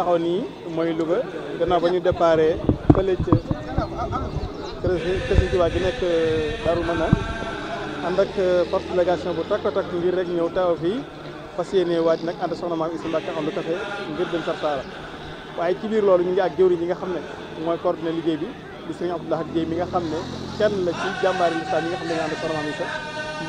taxaw nii mooy Louga gannaaw ba ñu déparé fële ca kër si waa gi nekk euh, Darou Manane ànd ak euh, force délégation bu takk takk ngir rek ñëw taxaw fii fas yéene waaj nag ànd soxna maam Issa Mbacke am lu café ngir dem Sarsara waaye ci biir loolu ñu ngi ak jëwriñ yi nga xam ne mooy coordonné liggéey bi di sëriñ Abdoulaye Guèye mi nga xam ne kenn la ci jàmbaari lislaam yi nga xam ne ñu ànd soxna maam Issa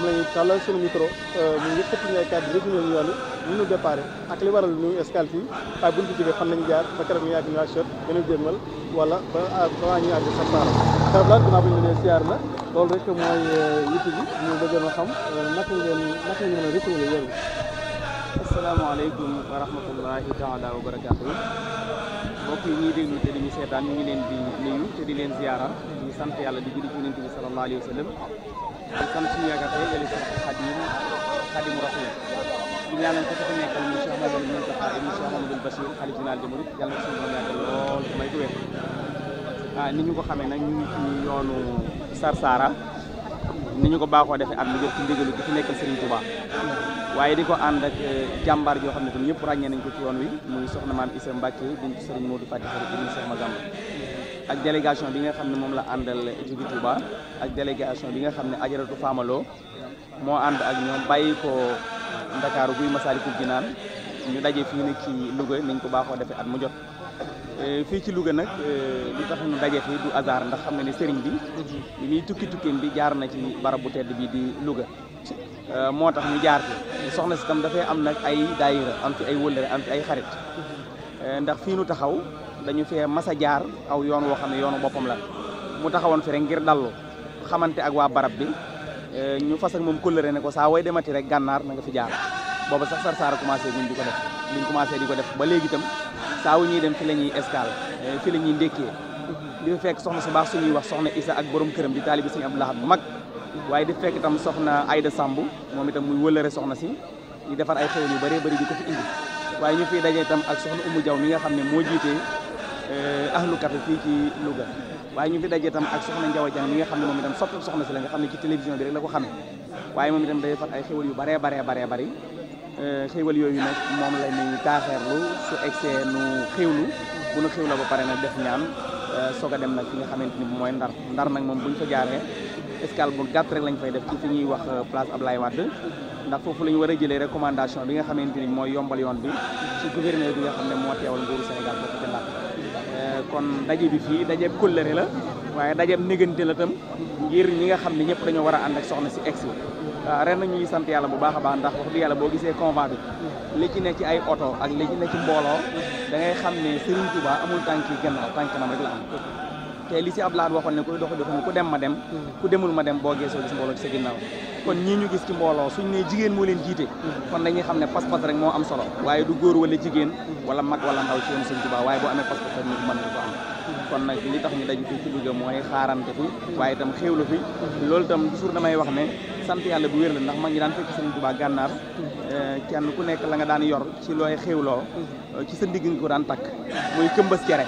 dinañu tàllal suñu micro euh, ñu yëkkati ñu ay kàddu résumer ñu yoon ñu ñu déparé ak li waral ñu escale fii waaye buñ ko jógee fan lañu jaar ba keroog ñu ak shot gën a jéemal wala ba ba ñu àgg sa saara sablan dinaa buñ ne siyaar na loolu rek mooy euh, yitte ñu bëggoon a xam euh, naka ngeen naka ngeen mën a résumer yoon bi asalaamaaleykum wa rahmatullahi wa barakatuh mbokk yi ñuy déglu te di ñu seetaan ñu ngi leen di nuyu te di leen ziyaara di sant yàlla di julli ci yonent bi sallallahu alayhi di suñu yaakaar tey yàlla si xadim xadimu rasul di ñaanal ko fi nekkal mu Cheikh Amadou Moustapha ak mu Cheikh Amadou Bassir xalif général des mourides yàlla na suñu borom yàggal lool may ko wér ah ni ñu ko xamee nag ñu yoonu Sarsara ni ñu ko baaxoo defee at mu jot ci ndigalu gi fi nekkal Serigne Touba waaye di ko ànd ak eh, jàmbaar yoo xam ne tam ñëpp ràññee nañ ko ci yoon wi muy soxna maam Issa Mbacke bintu Serigne Modou Fatick Serigne ma Magamba ak délégation bi nga xam ne moom la àndal jóge Touba ak délégation bi nga xam ne ajaratu Famaloo moo ànd ak ñoom bàyyi ko Ndakaaru guy Masaalikul naan ñu daje fii nag ci Louga niñ ko baaxoo defee at mu jot euh, fii ci Louga nag euh, lu tax ñu daje fii du hasard ndax xam nga ne sëriñ bi li muy tukki tukkim bi jaar na ci barab bu tedd bi di Louga euh, moo tax ñu jaar fi soxna si tam dafay am nag ay daayira am fi ay wëllëre am fi ay xarit ndax fii nu taxaw dañu fee mas a jaar aw yoon woo xam ne yoonu boppam la mu taxawoon fi rek ngir dallu xamante ak waa barab bi eh, ñu fas ak moom kóllëre ne ko saa way demati rek gànnaar na nga fi jaar booba sax Sarsara commencé guñ di ko def liñ commencé di ko def ba léegi itam saa wu ñuy dem fi la ñuy escale eh, fi la ñuy ndékkee di fekk soxna su baax su ñuy wax soxna Isa ak borom këram di taalibi Sëñ Abdou Lahad bu mag waaye di fekk tam soxna Ayda Samb moom itam muy wëlëre soxna si ñu defar ay xew yu bëree bëri di ko waaye ñu fiy dajee itam ak soxna Umu Jaw mi nga xam ne moo jiitee Eh, ahlu café fii ci Louga waaye ñu fi dajee itam ak soxna Njaw Jang mi nga xam ne moom itam sopp soxna si la nga xam ne ci télévision bi rek la ko xamee waaye moom itam day fat ay xéwal yu baree baree baree bëri eh, xéwal yooyu nag moom la ñuy taaxeerlu su egsee nu xéwlu bu nu xéwloo ba pare nag def ñaan eh, soog a dem nag nga xamante ni mooy ndar ndar nag moom buñ fa jaaree escale bu gàtt lañ fay def ci ñuy wax place Ablaye Wade ndax la ñu war a jëlee recommandation bi nga xamante ni mooy yombal yoon bi ci gouverneur bi nga xam ne moo teewal nguuru Sénégal foofu ca Ndar kon daje bi fii dajeeb kóllëre la waaye dajeeb négante la tam ngir ñi nga xam ne ñëpp dañoo war a ànd ak soxna si egsi waaw ah, ren ñuy sant yàlla bu baax a baax ndax wax dëgg yàlla boo gisee convent bi li ci ne ci ay oto ak li ci ne ci mbooloo da ngay xam ne Serigne Touba amul tànki gannaaw tànk kanam rek la am te li si ab laat waxoon ne kuy doxu doxu ku dem ma dem hmm. ku demul ma dem boo geesoo gis mbooloo ci sa ginnaaw kon ñii ñu gis ci mbooloo suñ ne jigéen moo leen jiite hmm. kon dañuy xam ne pas-pas rek moo am solo waaye du góor wala jigéen hmm. wala mag wala ndaw ci yoonu Sëñ Tuubaa waaye boo amee pas na li tax ñu daju fi ci Louga mooy xaarante fi waaye itam xéewlu fi loolu itam toujours damay wax ne sant yàlla bu wér la ndax mag ñi daan fekk Sëñ Tuubaa gànnaar eh, kenn ku nekk la nga daan yor ci looy loo eh, ci sa ndigg nga ko daan takk muy këmbas cere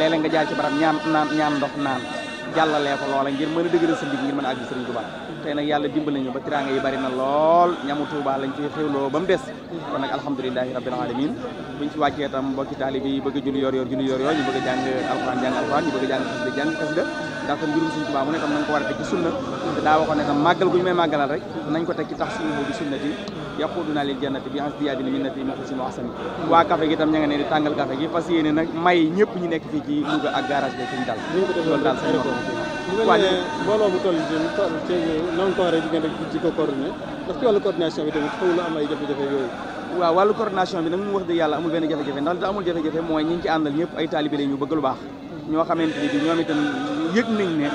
lele nga jaar ci baram ñaan naan ñaan ndox naan jàllalee ko lol ngir meuna deugere dëgëral sa ndig ngir meuna a Serigne Touba tay nak yalla dimbal nañu ba tiranga yi bari na lol ñamu Touba lañ ci xewlo bam dess kon nak alhamdulilahi rabbil alamin buñ ci wacce tam mbokki talibi bëgg jullu yor yor jullu yor yor ñu bëgg jang alquran jang alquran ñu bëgg jang xasbi jang xasbi xasida ndax tam mbirum Serigne Touba mu ne tam nang ko war a ci sunna da waxone tam magal gu may magalal rek nañ ko tek ci tax sunna bi sunnati yaquduna lil jannati bi hasdiyadin minnati muxlisin wa ahsani waa café gi tam ña nga ne di tàngal café gi parce yéene nag may ñëpp ñu nekk fii ci Louga ak garage bi suñu dal loolu daal sañ ñoo ko mbooloo bu toll ci ko coordination bi tamit foofu wàllu coordination bi nag mu wax dëgg yàlla amul benn jafe-jafe ndax li tax amul jafe-jafe mooy ñi ngi ci àndal ñëpp ay taalibe la bëgg lu baax hmm. ñoo xamante ni bi ñoom itam yëg nañ ne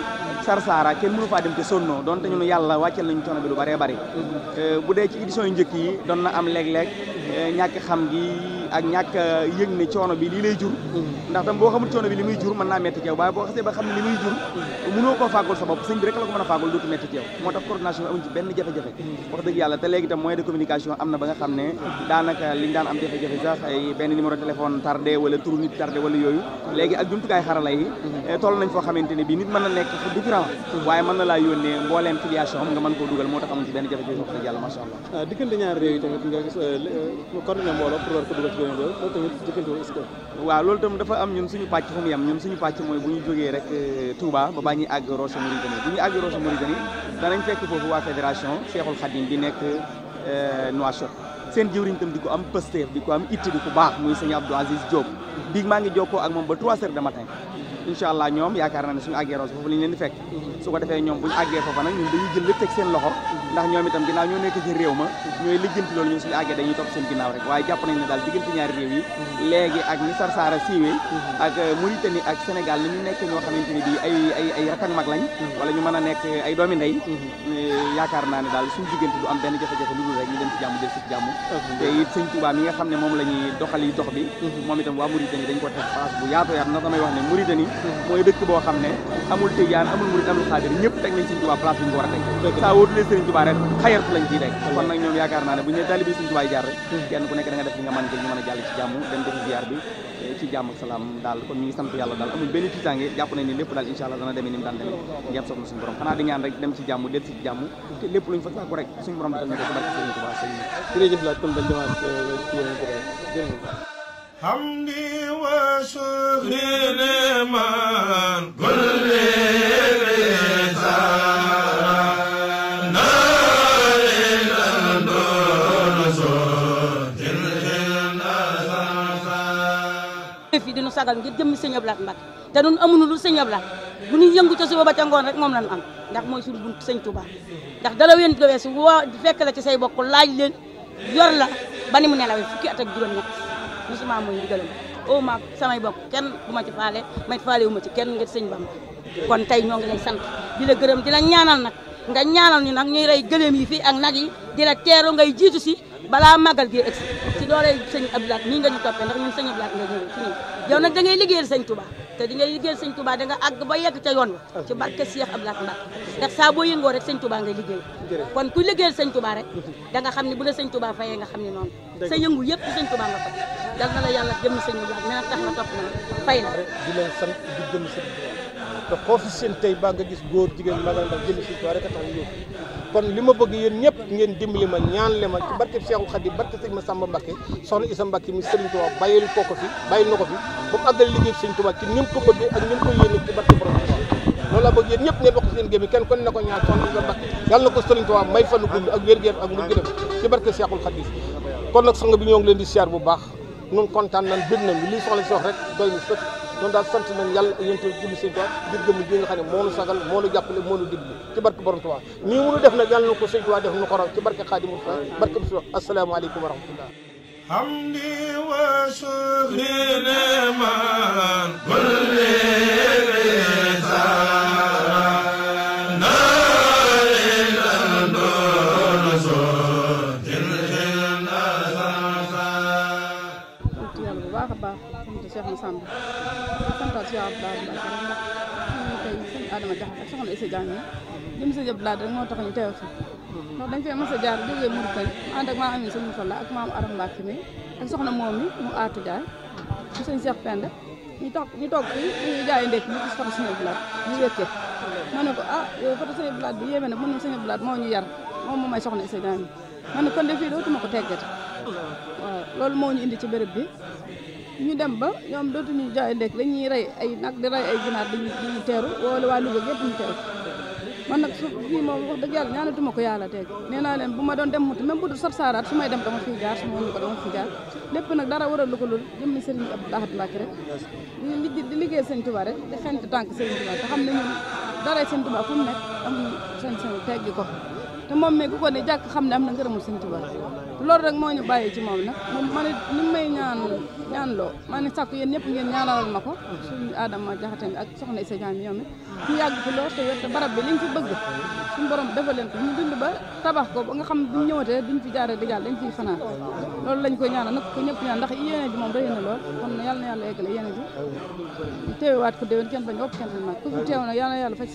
Sarsara kenn mënu faa dem te sonnoo donte ñun yàlla wàcceel nañu coono bi lu bëree bëri euh, bu dee ci édition yu njëkk yi doon na am léeg-léeg euh, ñàkk xam gi ak ñàkk euh, yëg ne coono bi lii lay jur mm. ndax tam boo xamul coono bi li jur mën naa metti ci yow waaye boo xasee ba xam ne jur mm. mënoo koo fàggul sa bopp sëñ bi rek la ko mën a dootu metti ci yow moo coordination ci benn mm. wax tam moyen de communication ba nga liñ daan am sax ay benn numéro téléphone tardé wala turu nit tardé wala yooyu léegi ak jumtukaay xarala yi eh, toll nañ foo xamante ne nit mën na fu différent waaye mën na laa yónnee filiation nga mën koo dugal moo tax ci benn jafe wax allah ah, réew yi tamit nga gis euh, euh, pour ko gënaloo loolu tamit jëkkandoo waaw loolu itam dafa am ñun suñu pàcc fu mu yem ñun suñu pàcc mooy bu ñu jógee rek euh, Touba ba baa ñuy àgg Rosso Mauritanie bu ñu àgg Rosso Mauritanie danañ fekk foofu waa fédération Cheikhul Khadim bi nekk euh, Nouakchott seen jëwriñ itam di ko am Pastef di ko am itti di ko baax muy sëñ Abdou Aziz Diop. bii maa ngi jokkoo ak moom ba 3 heures de matin. incha allah ñoom yaakaar naa ne suñu àggee Rosso foofu la ñu leen di fekk su ko defee ñoom buñu àggee foofa nag ñun dañuy jël lépp teg seen ak ni Sarsara siiwee ak euh, nekk ñoo xamante ni bi ay ay ay rakk ñu mën a nekk ay doomi ndey yaakaar naa ne daal suñu diggante am jàmm te it sëñ Touba mi nga xam ne moom la ñuy doxali dox bi moom itam waa Mauritanie dañ ko teg bu yaatu yaatu na damay wax ne Mauritanie mooy dëkk boo xam ne amul tijaan amul murit amul xaadir ñëpp naa ne bu jaar hmm. a jàll ci jàmm dem def ziar eh, daal kon ñu ngi sant yàlla amul lépp daal incha allah dana demee ni mu daan demee ngeen hmm. soxna suñu borom xanaa di ñaan rek dem ci jàmm del ci jàmm te lépp حمدي وشكري لمن كل fi dinu sagal ngir jëm seigne ablat mbak té ñun lu seigne ablat bu ñu yëngu ci suba ba ca ngoon rek mom lañ am ndax moy suñu buntu seigne touba ndax fekk la ci say laaj leen yor la bani mu nelaw fukki at ak juroom musuma muy ndigalam o maag samay bok kenn du ma ci faale may faale wu ma ci kenn ngir señ Bamba kon tey ñoo ngi lay di la gërëm di la ñaanal nag nga ñaanal ñu nag ñuy rey gëléem yi fii ak nag yi di la teeru ngay jiitu si balaa màggal gi egsi si dooley sëñ Abdou Lahad nii nga ñu toppee ndax ñun sëñ Abdou Lahad nga ñëw ci yow nag da ngay liggéeyal sëñ Touba te di nga liggéeyal sëñ danga da nga àgg ba yegg ca yoon wa ci barke Cheikh Abdou Lahad Mbacké ndax saa boo yëngoo rek sëñ Touba ngay liggéey kon ku liggéeyal sëñ Touba rek da nga xam ne bu la sëñ Touba fayee nga xam ne noonu sa yëngu yëpp sëñ Touba nga fay dal na la yàlla jëmm sëñ Touba mena tax na topp la jëm sëñ Touba seen tey ba nga gis góor jigéen magal ndax jëmm sëñ Touba rek a tax kon li ma bëgg yéen ñëpp ngeen dimbali ma ñaan le ma ci barke Cheikhul Khadim barke ma Samba Mbacke soxna Isa Mbacke mi sëriñ Tuubaa bàyyil ko ko fi bàyyil na ko fi ba mu ko bëggee ak ni mu ko yéene ci barke borom loolu la bëgg yéen ñëpp ngeen wax seen gémmi kon na ko sëriñ nag sang bi ñoo ngi leen di siyaar bu baax nun kontaan nan bir nañ lii soxla si wax rek doy na noonu daal sant nañ yàlla yéen itam julli sëñ Tuubaa ngir jëmm ji nga xam ne sagal moo nu jàppale moo nu dimbali barke borom Tuubaa nii mu nu def nag yàlla na ko sëñ Tuubaa def nu ko raw barke Xaadimu Rasuul barke bi asalaamaaleykum wa rahmatullah si jàngee jëm si jëb laaj rek moo tax ñu teew fi ndax dañ fee mos a jaar jógee Mauritanie ànd ak maam Amin Sëñ Falla ak maam Aram Mbacke mi ak soxna moom mi mu aatu jaay mu sëñ Cheikh Penda ñu toog ñu toog fii ñu jaay ñu gis photo Sëñ ñu wékkee ma ne ko ah yow photo Sëñ Abdou Lahad bi yéeme na mën na Sëñ Abdou Lahad moo ñu yar moom moo may soxna si ma ne kon de fii dootuma ko teggati waaw loolu moo ñu indi ci béréb bi ñu dem ba ñoom dootuñu jaay ndekk dañuy rey ay nag di rey ay ginaar dañuy dañuy teeru wala waa Louga yëpp ñu teeru man nag su fii ko yàlla teg nee naa leen ma doon dem mut même bu dul sot saaraat su may dem dama fiy jaar jaar lépp nag dara waral lu ko loolu jëmmi Serigne Abdou Lahad Mbacké rek di di liggéey Serigne Touba rek di xent tànk Serigne Touba te xam ne ñun dara Serigne Touba fu mu am seen seen teggi ko te moom mi ko ne jàkk xam ne am na ngërëmul Serigne Touba loolu rek moo ñu bàyyi ci moom nag ma ne ni may ñaan loo ma ne sàkku yéen ñëpp ngeen ñaanalal ma ko suñu Adama Jaxate ak soxna Issa Diagne ñoom it ñu yàgg fi lool te wér barab bi liñ fi bëgg suñu borom defal leen ko ñu dund ba tabax ko ba nga xam duñ ñëwatee duñ fi jaaree di lañ dañ fiy fanaan loolu lañ koy ñaanal nag ko ñëpp ñaan ndax yéene ji moom rëy na lool kon na yàlla na yàlla eggale yéene ji teewaat ko déwén kenn bañ wopp kenn bañ mag ku fi teew nag yàlla na yàlla faj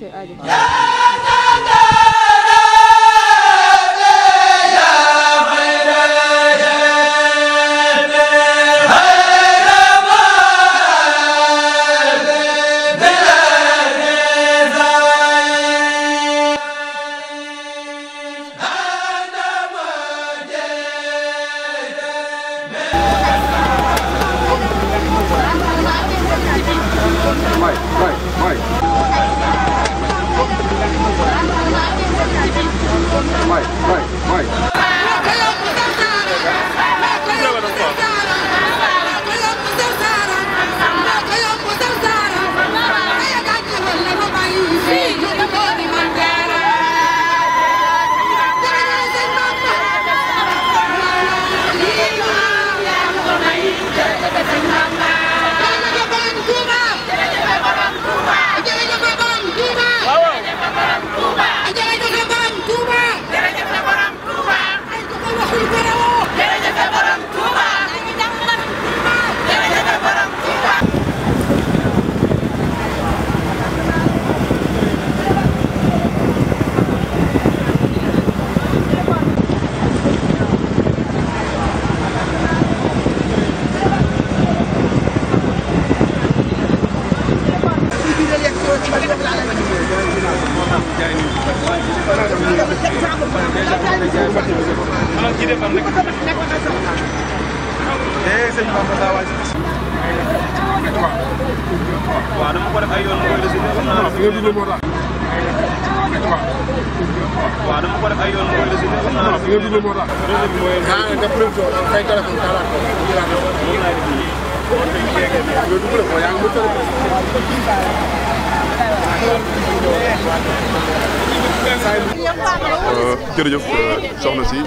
ci defar nag. eh sëñ Bamba saa waay. waaw dama ko def ay yoon mooy de suuf xam naa. waaw dama ko def ay yoon mooy de suuf xam naa. réseau bi mooy. ah def réseau bi kay téléphone talaata ko jëlaat ko. loolu laay def nii. Euh, jërëjëf euh, soxna si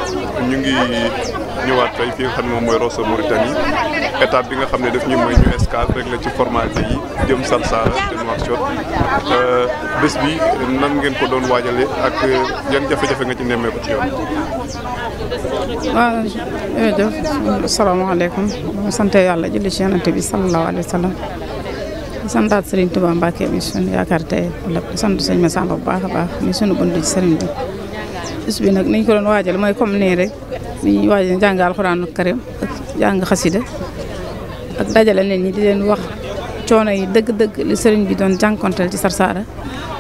ñu ngi ñëwaat tey fi nga xam ne moom mooy Rosso bi nga xam ne daf ñu may ñu escale rek la ci formalité yi jëm Sarsara te Nouakchott euh, bés bi nan ngeen ko doon waajale ak yan jafe-jafe nga ci nemmee ko ci yoon. waaw jërëjëf asalaamaaleykum sant yàlla julli ci yonent bi sallallahu alayhi wa sallam santaat Serigne Touba Mbacke mi sunu yaakaar tey lépp sant sëñ Massamba bu baax a baax mi sunu bunt ci sëriñ bi bis bi nag niñ ko doon waajal mooy comme nii rek niñ waajal jàng alxuraan karim ak jàng xasida ak dajale nit ñi di leen wax coono yi dëgg-dëgg li sëriñ bi doon jànkonteel ci Sarsara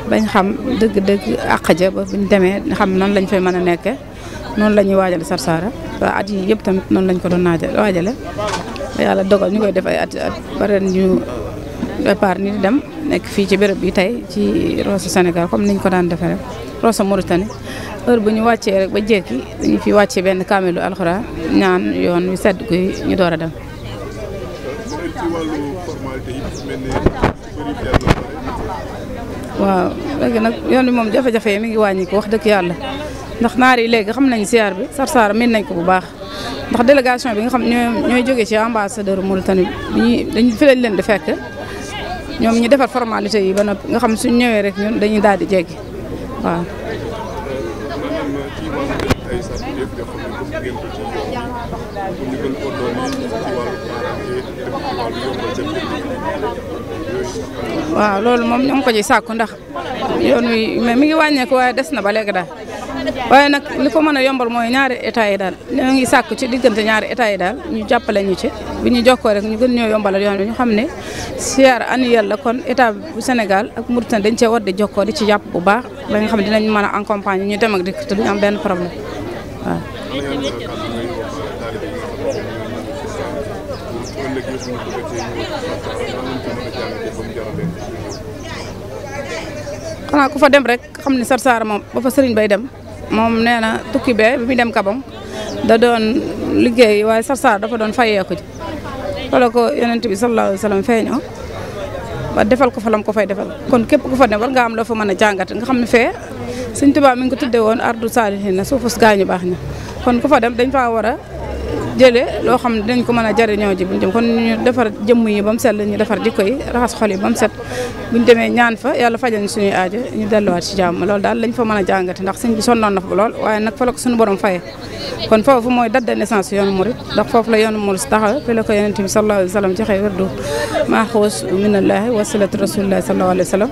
bañ xam dëgg-dëgg àq ja ba buñ demee xam noonu lañ fay mën a nekkee noonu la ñuy waajale Sarsara waa at yi yëpp tamit noonu lañ ko doon waajale yàlla dogal ñu koy def ay at at ba ren ñu départ ni di dem nekk fii ci béréb bi tey ci Rosso Sénégal comme niñ ko daan defee rek Rosso Mauritanie heure bu ñu wàccee rek ba jékki dañu fi wàccee benn kaamelu alxuraan ñaan yoon wi sedd kuy ñu door a dem. waaw léegi nag yoon bi moom jafe-jafe yi mi ngi wàññi ko wax dëgg yàlla ndax naar yi léegi xam nañ siyaar bi Sarsara miin nañ ko bu baax ndax délégation bi nga xam ñooy ñooy jógee ci ambassadeur Mauritanie bi ñuy dañu fi lañ leen di fekk. ñoom ñu defar formalité yi ba nag nga xam suñ ñëwee rek ñun dañuy daal di waaw. loolu moom ñoo ko ci sàkku ndax yoon wi mais mi ngi wàññeeku waaye des na ba léegi daal. waaye nag li fa mën a yombal mooy ñaari état yi daal ñoo ngi sàkk ci diggante ñaari état yi daal ñu jàppale ñu ci bi ñu jokkoo rek ñu gën ñoo yombalal yoon bi ñu xam ne siyaar annuel la kon état bu Sénégal ak Mauritanie dañ cee war di jokkoo di ci jàpp bu baax ba nga xam ne dinañ mën a accompagner ñu dem ak dikk te duñu am benn problème waaw. xanaa ku fa dem rek xam ne Sarsara moom ba fa sëriñ bay dem. moom nee na tukki be bi muy dem Gabon da doon liggéey waaye Sarsar dafa doon fayeeku ji wala ko yonent bi sallallahu alayhi wa sallam feeñoo ba defal ko fa lam ko fay defal kon képp ku fa dem war nga am la fa mën a jàngat nga xam ne fee Sëñ Tuubaa mi ngi ko tudde woon ardu saalihiin na suufus gaañu baax na kon ku fa dem dañ faa war jele lo xam dañ ko mëna jarri jariñoo ji buñu dem kon ñu defar jëm yi bam sel ñu defar jikko yi raxas xol yi bam set buñu démé ñaan fa yàlla fajal ñu suñu aaje ñu wat ci jàmm lool daal lañ fa mëna jangati ndax sëñ bi sonnoon na fa lool waye nak fa la ko suñu borom faye kon fofu mooy date de naissance yoonu mourid ndax fofu la yoonu mourid taxal fi la ko yonente bi sallallahu alayhi wa sallam joxee wérdu maaxuus minallahi wasilatu rasulillahi sallallahu alayhi wasallam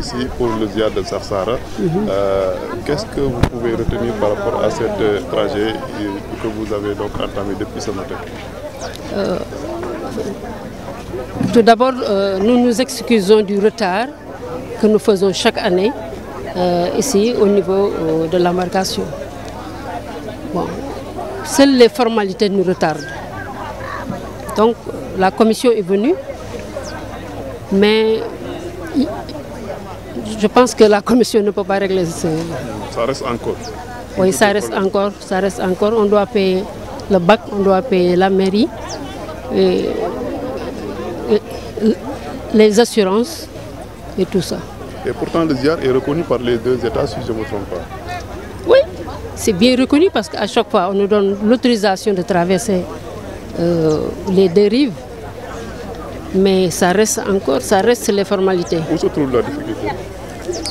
ici pour le diable de Sarsara. Euh, qu'est-ce que vous pouvez retenir par rapport à ce euh, trajet que vous avez donc entamé depuis ce matin euh, Tout d'abord, nous nous excusons du retard que nous faisons chaque année ici au niveau de l'embarcation. Seules les formalités nous retardent. Donc la commission est venue, mais je pense que la commission ne peut pas régler ce... Ça reste encore. Oui, ça reste encore, ça reste encore. On doit payer le bac, on doit payer la mairie, les assurances et tout ça. Et pourtant, le ZIAR est reconnu par les deux États, si je ne me trompe pas. Oui, c'est bien reconnu parce qu'à chaque fois, on nous donne l'autorisation de traverser euh, les dérives. Mais ça reste encore, ça reste les formalités. Où se trouve la difficulté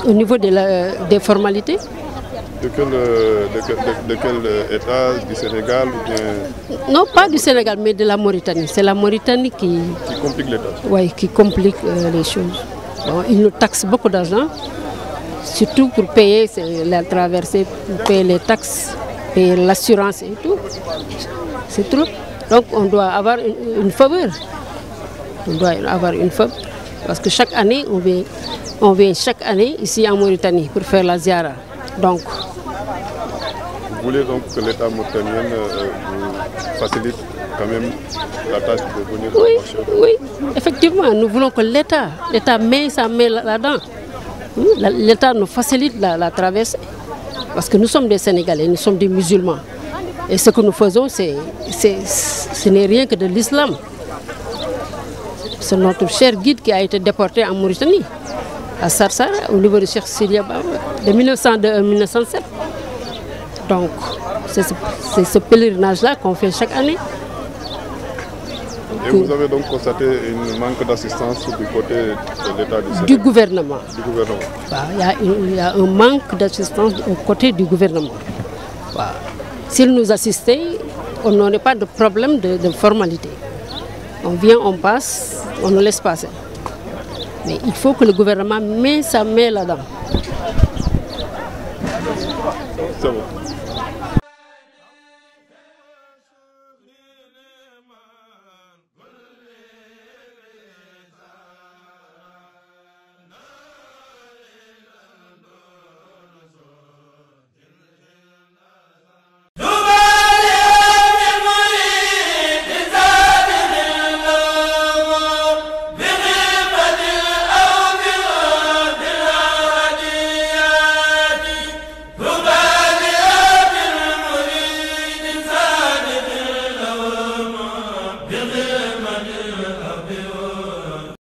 au niveau des formalités de quel, euh, euh, état Du Sénégal Non, pas du Sénégal, mais de la Mauritanie. C'est la Mauritanie qui... Qui complique les choses qui complique euh, les choses. ils nous taxent beaucoup d'argent, surtout pour payer la traversée, pour payer les taxes, payer l'assurance et tout. C'est trop. Donc on doit avoir une, une faveur. On doit avoir une faveur. Parce que chaque année, on veut on vient chaque année ici en Mauritanie pour faire la ziara. Donc, vous voulez donc que l'État mauritanien euh, facilite quand même la tâche de venir oui, oui, effectivement, nous voulons que l'État, l'État met sa main là-dedans. Hmm? L'État nous facilite la, traversée. Parce que nous sommes des Sénégalais, nous sommes des musulmans. Et ce que nous faisons, c'est, ce n'est rien que de l'islam. C'est notre cher guide qui a été déporté en Mauritanie à Sarsar, au niveau de Cheikh de 1902 à 1907. Donc, c'est ce, pèlerinage-là qu'on fait chaque année. Et vous avez donc constaté un manque d'assistance du côté de l'État du Sénégal Du gouvernement. Du gouvernement. Il y, a un manque d'assistance du côté du gouvernement. S'ils S'il nous assistaient, on n'aurait pas de problème de, de formalité. On vient, on passe, on nous laisse passer. Mais il faut que le gouvernement mette sa main là-dedans.